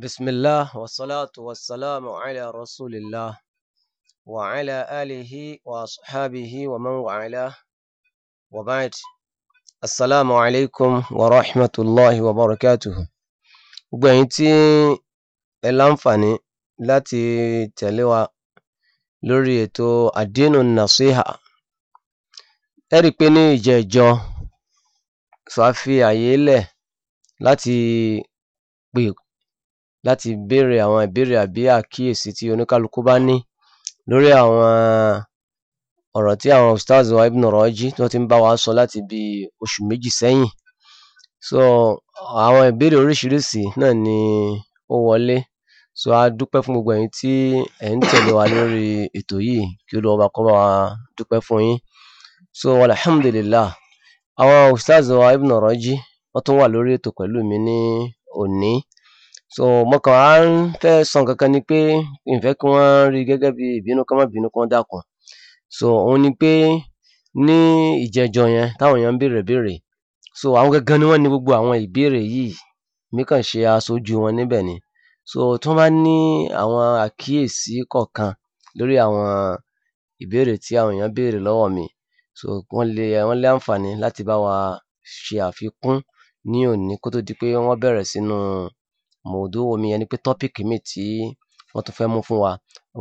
بسم الله والصلاة والسلام على رسول الله وعلى آله وأصحابه ومن والاه وبعد السلام عليكم ورحمة الله وبركاته gbogbo ẹ̀yin tí ẹ láǹfààní láti tẹ̀lé wa lórí ètò àdínù nàṣíhà ẹ rí láti béèrè àwọn ìbéèrè àbí àkíyèsí tí oníkálukú bá ní lórí àwọn ọ̀rọ̀ tí àwọn ustaz wa Ibn Raji tí wọ́n ti ń bá wa sọ láti bí oṣù méjì sẹ́yìn so àwọn ìbéèrè oríṣiríṣi náà ni ó wọlé so a dúpẹ́ fún gbogbo ẹ̀yin tí ẹ̀ ń tẹ̀lé wa lórí ètò yìí kí Olúwa bá kó bá wa dúpẹ́ fún yín so alhamdulillah àwọn ustaz wa Ibn Raji wọ́n tún wà lórí ètò pẹ̀lú mi ní òní so mo kàn á ń fẹ́ sọ nǹkan kan ni pé ìfẹ́ kí wọ́n rí gẹ́gẹ́ bí ìbínú kán má bínú kán dákun so òun ni pé ní ìjẹjọ yẹn táwọn èèyàn ń béèrè béèrè so àwọn gangan ni wọ́n ní gbogbo àwọn ìbéèrè yìí èmi kàn ṣe aṣojú wọn níbẹ̀ ni so tí wọ́n bá ní àwọn àkíyèsí kọ̀ọ̀kan lórí àwọn ìbéèrè tí àwọn èèyàn béèrè lọ́wọ́ mi so wọ́n lè wọ́n lé àǹfààní láti bá wa ṣe àfikún ní òní kó tó di pé wọ́n bẹ̀rẹ̀ sínú mawdu'u mi ìyẹn ni pé tọ́píìkì míì tí wọ́n tún fẹ́ mú fún wa.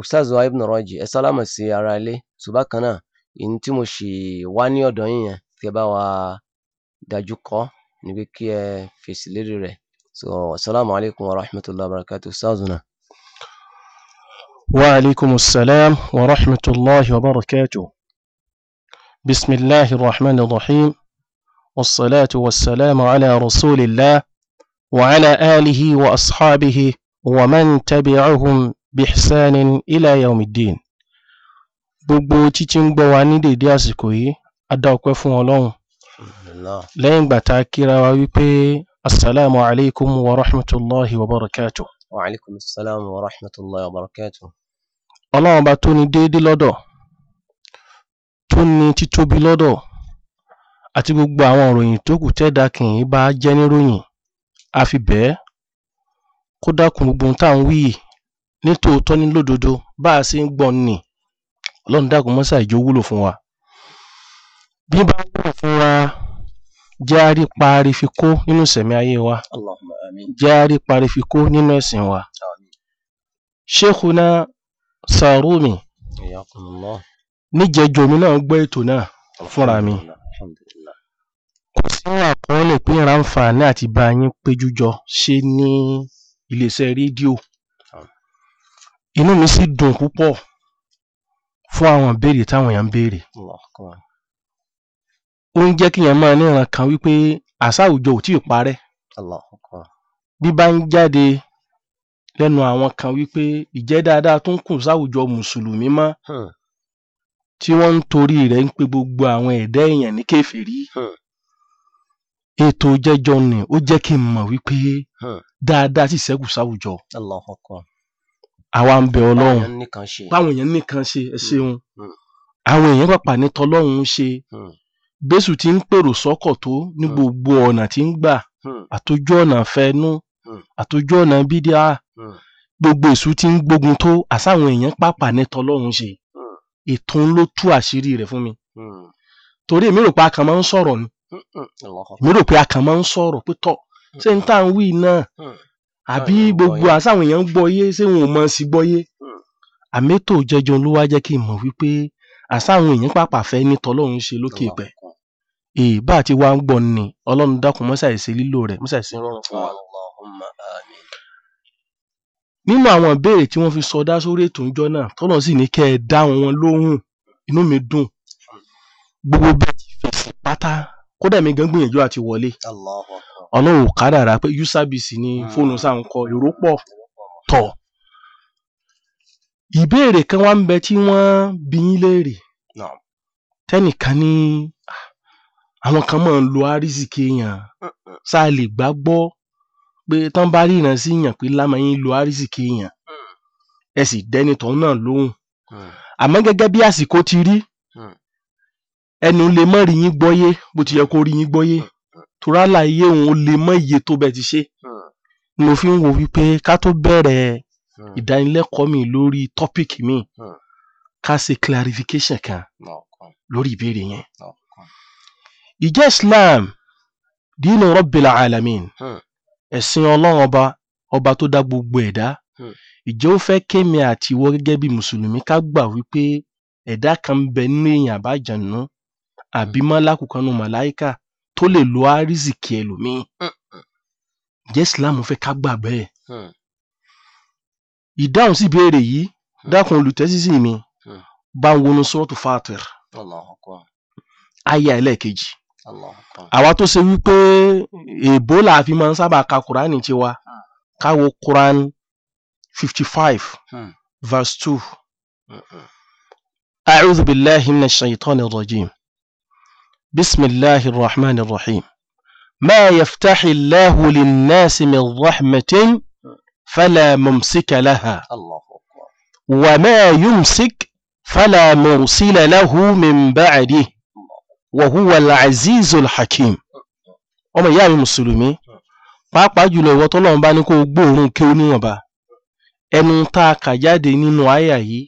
Ustaz wa Ibn Raji ẹ sálámọ̀ sí ara ilé. So bákan náà, ihun tí mo ṣì wá ní ọ̀dọ̀ yín yẹn kí ẹ bá wa dájú kọ́ ni pé kí ẹ fèsì lérí rẹ̀. So assalamu alaikum wa rahmatullahi wa barakatuh. Wa alaikumus salam wa rahmatullahi wa barakatuh. Bismillahir rahmanir rahim. والصلاة والسلام على رسول الله وعلى آله وأصحابه ومن تبعهم بإحسان إلى يوم الدين gbogbo títí ń gbọ́ wa ní dèdé àsìkò yìí a dá ọpẹ́ fún ọlọ́run lẹ́yìn ìgbà tá a kíra wa wípé asalaamu alaykum wa rahmatulahi wa barakatu. wa alaykum asalaam wa rahmatulahi wa barakatu. ọlọ́run bá tó déédé lọ́dọ̀ tó títóbi lọ́dọ̀ àti gbogbo àwọn ìròyìn tó kù tẹ́ẹ̀dá kìí bá jẹ́ níròyìn a fi bẹ̀ ẹ́ kó dákun gbogbo ohun tá à ń wí yìí ní tòótọ́ ní lódodo bá a ṣe ń gbọ́ ni ọlọ́run dákun mọ́sà ìjọ wúlò fún wa bí bá wúlò fún wa jẹ́ àárí parí fi kó nínú ìsẹ̀mí ayé wa jẹ́ àárí parí fi kó nínú ẹ̀sìn wa Sheikhuna Sarumi níjẹjọ mi náà gbọ́ ètò náà fúnra mi kò sí pín ráǹfààní àti bá yín péjú jọ ṣe ní iléeṣẹ́ rédíò inú mi sì dùn púpọ̀ fún àwọn ìbéèrè táwọn èèyàn ń béèrè ó ń jẹ́ kíyàn máa níran kan wípé àṣà àwùjọ ò tí ì parẹ́ bí bá ń jáde lẹ́nu àwọn kan wípé ìjẹ́ dáadáa tó ń kù sáwùjọ mùsùlùmí mọ́ hmm. tí wọ́n ń torí rẹ̀ ń pe gbogbo àwọn ẹ̀dá èèyàn ní kèfèrí. Hmm ètò jẹjọ ni ó jẹ́ kí n mọ̀ wípé hmm. dáadáa sì ṣẹ́kù sáwùjọ. àwa ń bẹ ọlọ́run báwọn èèyàn nìkan ṣe ẹ hmm. ṣeun hmm. àwọn èèyàn pàpà ní tọlọ́run ṣe bẹ́sù tí ń pèrò sọ́kọ̀ tó ní gbogbo ọ̀nà tí ń gbà àtòjú ọ̀nà fẹnú àtòjú ọ̀nà bídíà gbogbo èṣù tí ń gbógun tó àsáwọn èèyàn pàpà ní tọlọ́run ṣe ètò ń ló tú àṣírí rẹ̀ fún mi torí èmi rò pa kàn máa ń sọ̀rọ̀ ni mo rò pé a máa ń sọ̀rọ̀ pé ṣé n tá à wí náà àbí gbogbo àsáwọn èèyàn ń gbọ́yé ṣé wọn ò mọ̀ sí gbọ́yé mm. àmẹ́tò jẹjọ ló wá jẹ́ kí n mọ̀ wípé àsáwọn èèyàn pàpà fẹ́ ní tọlọ́run ṣe lókè pẹ̀ èèbá àti wa ń gbọ́ ni ọlọ́run dákun mọ́sàì ṣe lílò rẹ̀ mọ́sàì ṣe rọrùn fún wa. nínú àwọn ìbéèrè tí wọ́n fi sọdá sórí ètò ìjọ náà tọ́lọ́ sì ní kẹ́ ẹ dá wọn lóhùn inú mi dùn mm. gbogbo bẹ́ẹ̀ ti fẹ̀sìn pátá kódà mi gan gbìyànjú àti wọlé ọlọ́run ò kádàrá pé usabisi ni hmm. fóònù sàn kọ èrò pọ̀ tọ̀ ìbéèrè kan wá ń bẹ tí wọ́n bi yín léèrè tẹ́nìkan ní ah, àwọn kan máa ń lo àrísìkì èèyàn sá lè gbàgbọ́ pé tán bá ríran sí èèyàn pé lámàyín lo àrísìkì èèyàn mm. ẹ sì dẹni tọ̀hún náà lóhùn mm. àmọ́ gẹ́gẹ́ bí àsìkò ti rí mm. ẹnu lè má rí yín gbọ́yé bó ti yẹ kó rí yín gbọ́yé torí àlàyé òun ó lè mọ iye tó bẹ́ẹ̀ ti ṣe ni mo fi ń wo wípé ká tó bẹ̀rẹ̀ ìdánilẹ́kọ̀ọ́ mi lórí tọ́píìkì mi ká ṣe clarification kan lórí ìbéèrè yẹn. ìjẹ́ Islam dínú Rabbil alamin ẹ̀sìn ọlọ́run ọba ọba tó dá gbogbo ẹ̀dá ìjẹ́ ó fẹ́ kémi àti ìwọ gẹ́gẹ́ bí mùsùlùmí ká gbà wípé ẹ̀dá kan ń bẹ nínú èèyàn àbájánu àbí kan nu màláíkà tó lè lo árìsìkì ẹlòmíì ǹjẹ́ Islam fẹ́ ká gbà bẹ́ẹ̀ hmm. ìdáhùn sí ìbéèrè yìí hmm. dákun olùtẹ́sísì mi hmm. bá ń wọnú sọ́ọ̀tù Fatir aya ẹlẹ́ẹ̀kejì àwa tó ṣe wípé èèbó fi máa ń sábà ka Kùránì tiwa ká wo Quran fifty five verse two. أعوذ بالله من الشيطان بسم الله الرحمن الرحيم ما يفتح الله للناس من رحمة فلا ممسك لها الله أكبر وما يمسك فلا مرسل له من بعده وهو العزيز الحكيم ọmọ ìyá mi mùsùlùmí pàápàá jùlọ ìwọ tọ́lọ́run bá ní kó gbóòórùn kí ó níwọ̀nba ẹnu tá a kà jáde nínú àyà yìí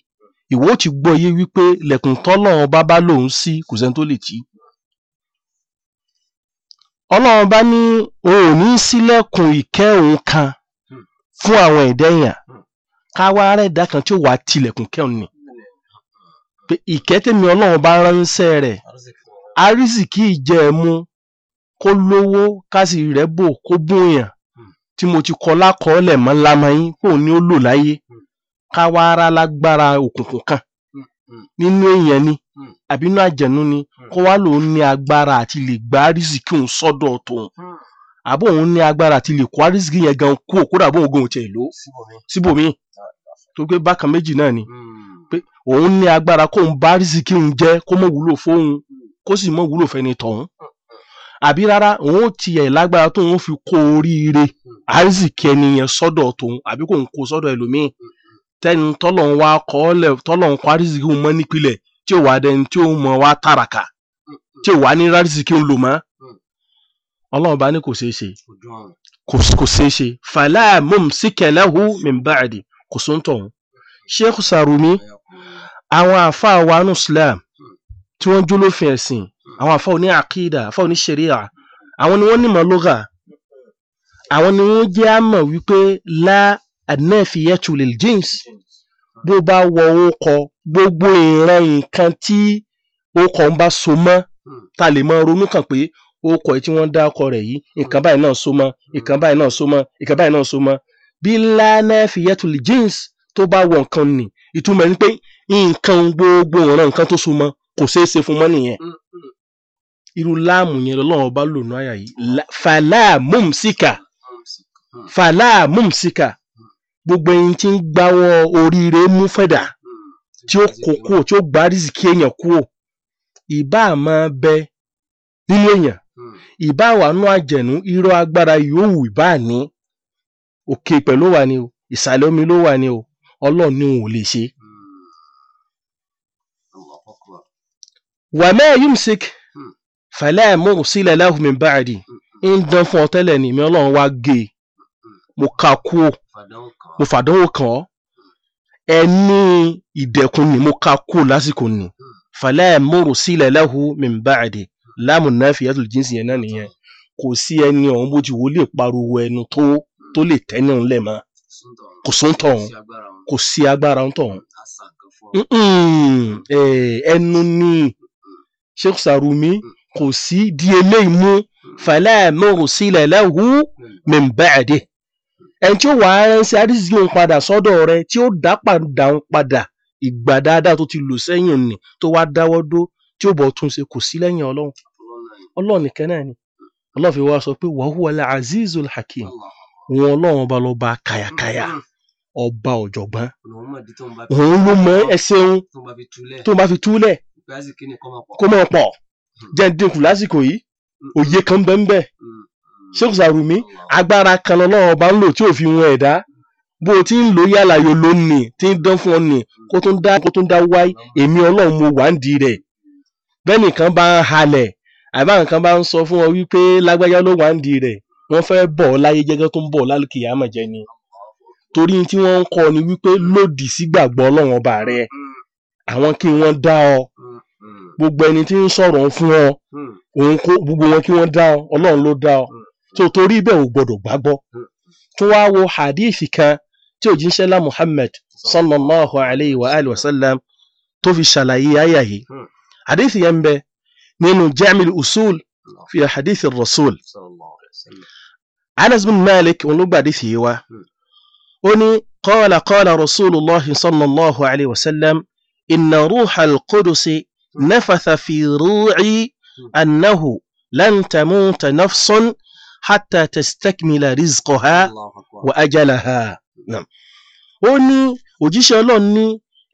ìwọ ti gbọ́ yé wípé lẹ̀kùn tọ́lọ́run bá bá lòun sí kò sẹ́ni tó lè tì í ọlọ́run bá ní òun ò ní sílẹ̀kùn ìkẹ́ òun kan hmm. fún àwọn ẹ̀dá èèyàn hmm. ká wá rẹ̀dá kan tí ó wàá tilẹ̀kùn kẹ́hùn ni pé ìkẹ́ tèmi ọlọ́run bá ránṣẹ́ rẹ̀ arísìkí ìjẹ̀mú kó lówó ká sì rẹ́bò kó bóyàn hmm. tí mo ti kọ lákọọ́lẹ̀ mọ́ lámọyín kóun ni ó lò láyé ká wá rá lágbára òkùnkùn kan Hmm. nínú èèyàn ni hmm. àbí inú àjẹ̀nú ni hmm. kó wá lòun ní agbára àti lè gbá rìsíkì òun sọ́dọ̀ tòun àbó òun ní agbára àti lè kó rìsíkì yẹn gan kú òkúrò àbó òun gan òun tiẹ̀ lò síbòmíì tó gbé bákan méjì náà ni pé òun ní agbára kóun bá rìsíkì òun jẹ́ kó mọ̀ wúlò fóun kó sì mọ̀ wúlò fẹ́ni tọ̀hún àbí rárá òun tiẹ̀ lágbára tóun fi kó oríire àrísìkí ẹni yẹn sọ́dọ̀ tòun àbí kóun kó sọ́dọ̀ ẹlòmíì tẹ́ni tọ́lọ́run wa kọ́ọ́lẹ̀ tọ́lọ́run kọ́ àrísìkí òun mọ́ nípìnlẹ̀ tí ò wá dẹni tí òun mọ̀ wá tàràkà tí ò wá ní àrísìkí òun lò mọ́ ọlọ́run bá ní kò ṣeé ṣe kò ṣeé ṣe fàlà mumsika lahu min ba'di kò sóńtọ̀ òun Sheikh Sarumi àwọn àfa wanu Islam tí wọ́n jólófin ẹ̀sìn àwọn àfa oní àkídà àfa oní ṣẹ̀ríà àwọn ni wọ́n nímọ̀ lóga àwọn ni wọ́n jẹ́ àmọ̀ wípé lá ànáfíyẹ́tù lil jeans bó bá wọ orúkọ gbogbo ìran nǹkan tí orúkọ ń bá so mọ́ hmm. ta lè máa ronú kàn pé orúkọ yìí tí wọ́n dá ọkọ rẹ̀ yìí hmm. nǹkan báyìí náà so mọ́ hmm. nǹkan báyìí náà so mọ́ nǹkan báyìí náà so mọ́ bí lánàfíyẹ́tù lil jins tó bá wọ nǹkan nì ìtumọ̀ ni pé nǹkan gbogbo ìran nǹkan tó so mọ́ kò ṣeé ṣe fún mọ́ nìyẹn irú láàmù yẹn lọ́lọ́wọ́ bá lò nù àyà yìí fàlà mùmsíkà gbogbo ẹyin tí ń gbáwọ́ oríire mú fẹ̀dà tí ó kó kúrò tí ó gbá rìsíkì èèyàn kúrò ìbá máa bẹ nínú èèyàn ìbá wà nú àjẹ̀nú irọ́ agbára yòówù ìbá ní òkè pẹ̀lú wà ní o ìsàlẹ̀ omi ló wà ní o ọlọ́run ní òun ò lè ṣe. wàmẹ́ yumsik fẹ̀lẹ́ mú sílẹ̀ lẹ́hùn mi báyìí ń dán fún ọ tẹ́lẹ̀ ní mi ọlọ́run wá gé e mo kà kú o mo fàdánwò kàn ọ́ ẹni ìdẹ̀kùn ni mo ká kú lásìkò ni fàlẹ́ mòrò sílẹ̀ lẹ́hu mìmbáàdì láàmù náà fi yàtò jíǹsì yẹn náà nìyẹn kò sí ẹni ọ̀hún bó ti wò lè pariwo ẹnu tó tó lè tẹ́ni ọ̀hún lẹ̀ mọ́ kò sóhun tọ̀hún kò sí agbára ọ̀hún tọ̀hún eh, ẹnu ni Sheikh Sarumi kò sí di eléyìí mú fàlẹ́ mòrò sílẹ̀ lẹ́hu mìmbáàdì ẹni tí ó wá ránṣẹ́ àrísìkí òun padà sọ́dọ̀ rẹ tí ó dá padà òun padà ìgbà dáadáa tó ti lò sẹ́yìn nì tó wá dáwọ́ dó tí ó bọ̀ tún ṣe kò sí lẹ́yìn ọlọ́run ọlọ́run nìkan náà ni ọlọ́run fi wá sọ pé wàhùwà la azizul hakim òun ọlọ́run ọba lọ́ba kàyàkàyà ọba ọ̀jọ̀gbọ́n òun ló mọ ẹsẹ̀ òun tó bá fi túlẹ̀ kó máa pọ̀ jẹ́ dínkù lásìkò yìí òye kan bẹ́ẹ̀ bẹ́ẹ̀ Sheikh rumi agbára kan lọ́lọ́run ọba ń lò tí ò fi wọn ẹ̀dá bó o ti ń lò ti lónìí fun ń dán fún ọ nì kó tó ń dá kó tó ń dá wáyé èmi ọlọ́run mo wà ń di sọ fún ọ wípé lágbájá ló wà ń di rẹ̀ wọ́n fẹ́ bọ̀ láyé jẹ́gẹ́ tó ń bọ̀ lálùkì torí tí wọ́n ń kọ́ ni wípé lòdì sí gbàgbọ́ ọlọ́run ọba àwọn kí wọ́n dá ọ gbogbo ẹni tí ń fún ọ hmm. ọ ọlọ́run ló tó torí bẹ́ẹ̀ ò gbọ́dọ̀ gbàgbọ́ tó wá wo hadith kan tí òjíṣẹ́ lá Muhammad sallallahu alayhi wa alihi wa sallam tó fi ṣàlàyé àyà yìí hadith yẹn bẹ nínú jami'ul usul fi hadith rasul Anas bin Malik òun ló gbàdí sí wa ó ní qala qala rasulullah sallallahu alayhi wa sallam inna ruhal qudusi nafatha fi ru'i annahu lan tamuta nafsun حتى تستكمل رزقها wa ajalaha náà ó ní òjíṣẹ́ ọlọ́run ní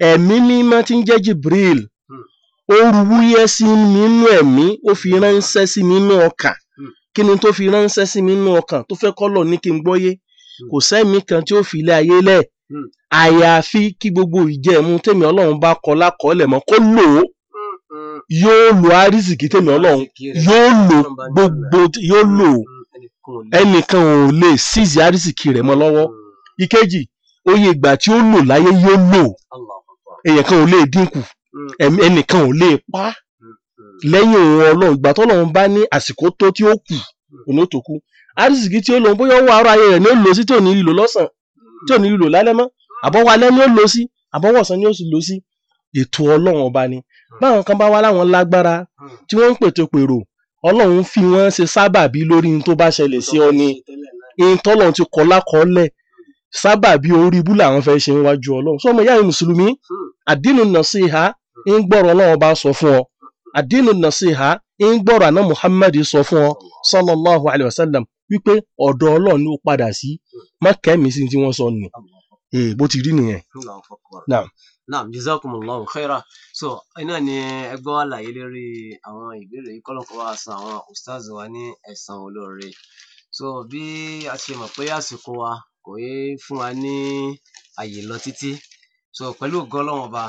ẹ̀mí mímọ́ tí ń jẹ́ Jibril hmm. ó wúyẹ́ sí mi nínú ẹ̀mí ó fi ránṣẹ́ sí mi nínú ọkàn hmm. kí ni tó fi ránṣẹ́ sí mi nínú ọkàn tó fẹ́ kọ́ lọ ní kí n gbọ́yé hmm. kò sẹ́mi kan tí ó fi ilé ayé lẹ̀ àyàfi kí gbogbo ìjẹ̀mú tèmi ọlọ́run bá kọ lákọọ́lẹ̀ mọ́ kó lò ó yóò lo àrísìkí tèmi ọlọ́run yóò lò gbogbo yóò lò ó ẹnìkan ò lè síìsì àrísìkì rẹ̀ mọ́ lọ́wọ́ hmm. ìkejì oye ìgbà tí ó lò láyé yóò lò èèyàn kan ò lè dínkù hmm. ẹnìkan ò lè pa hmm, lẹ́yìn òun ọlọ́run ìgbà tọ́lọ́run bá ní àsìkò tó tí ó kù òun ó tó kú àrísìkì tí ó lò bóyá owó ara ayé rẹ̀ ni ó lò sí tí ò ní lò lọ́sàn tí ò ní lò lálẹ́ mọ́ àbọ̀wọ̀ alẹ́ ni ó lò sí àbọ̀wọ̀ ọ̀sán ni ó sì lò sí ètò ọlọ́run ọba ni báwọn kan bá wá láwọn lágbára tí wọ́n ń pètò pèrò ọlọ́run fi wọ́n ṣe sábàbí lórí ní tó bá ṣẹlẹ̀ sí ọ ni ní tọ́lọ́run ti kọ́ lákọ́ọ́lẹ̀ sábàbí orí ibú làwọn fẹ́ ṣe níwájú ọlọ́run sọmọ ìyá mi mùsùlùmí àdínú nàṣíhà ń gbọ́rọ̀ ọlọ́run bá sọ fún ọ àdínú nàṣíhà ń gbọ́rọ̀ àná Muhammad sọ fún ọ sallallahu alayhi wa sallam wípé ọ̀dọ̀ ọlọ́run ló padà sí mọ́kẹ́mí sí tí wọ́n sọ nù bó ti rí nìyẹn naam jazakumullahu khaira so iná ni ẹ gbọ́ àlàyé lórí àwọn ìbéèrè yìí kọ́lọ́kọ́ wa san àwọn ustaz wa ní ẹ̀san olóore so bí a ṣe mọ̀ pé àsìkò wa kò yé fún wa ní àyè lọ títí so pẹ̀lú ògo Ọlọ́run ọba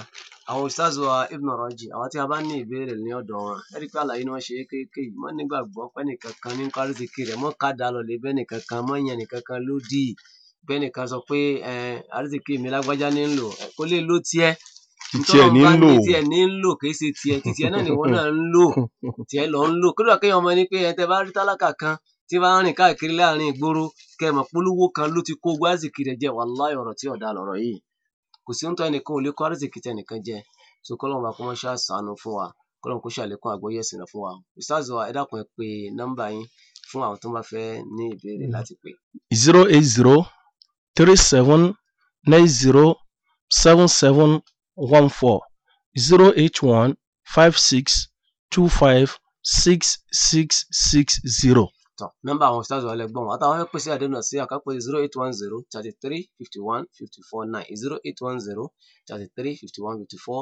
àwọn ustaz wa Ibn Raji àwọn tí a bá ní ìbéèrè ní ọ̀dọ̀ wọn ẹ pé àlàyé ni wọ́n ṣe kéékèèké yìí mọ́ nígbàgbọ́ pẹ́ nìkankan ní kárí ti kiri ẹ̀ mọ́ ká da lọ lè bẹ́ nìkankan mọ́ yẹn nìkankan lódì bẹ́nìkan sọ pé àrísìkí mi lágbájá ní ń lò kó lè ló tiẹ̀ títí ẹ ní ń lò títí ẹ ní ń lò kì í ṣe tiẹ̀ títí ẹ náà ni wọn náà ń lò tiẹ̀ lọ ń lò kódà kéèyàn mọ̀ ní pé ẹ tẹ bá rí tálákà kan tí bá ń rìn káàkiri láàrin ìgboro kẹmọ polówó kan ló ti kó ogun àrísìkí rẹ̀ jẹ wàláì ọ̀rọ̀ tí ọdà lọ̀rọ̀ yìí kò sí ń tọ́ ẹnìkan ò lè kó àrísìkí tẹ nìkan jẹ so kọlọ́n bá kọ́mọ́ ṣáà fún wa kọlọ́n kó ṣàlékún àgbọ́yé ẹ̀sìn fún wa ìsáàzù ẹ dákun ẹ pé nọ́mbà yín fún àwọn tó bá fẹ́ ní ìbéèrè láti pè. zero eight zero three seven nine zero seven seven one four zero eight one five six two five six six six zero. tán nọ́mbà àwọn òṣìṣẹ́ àlẹ́ gbọ́n wọn àtàwọn fẹ́ pèsè àdéhùn náà sí àkápò zero eight one zero thirty three fifty one fifty four nine zero eight one zero thirty three fifty one fifty four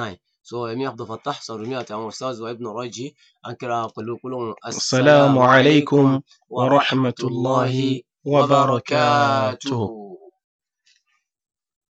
nine so ẹ̀mí abdulfatah sọ̀rọ̀mí àti àwọn òṣìṣẹ́ àzọ̀ ibn Raji. ànkìrà pẹ̀lú gbólóhùn. asalaamualeykum wa rahmatulahi. وبركاته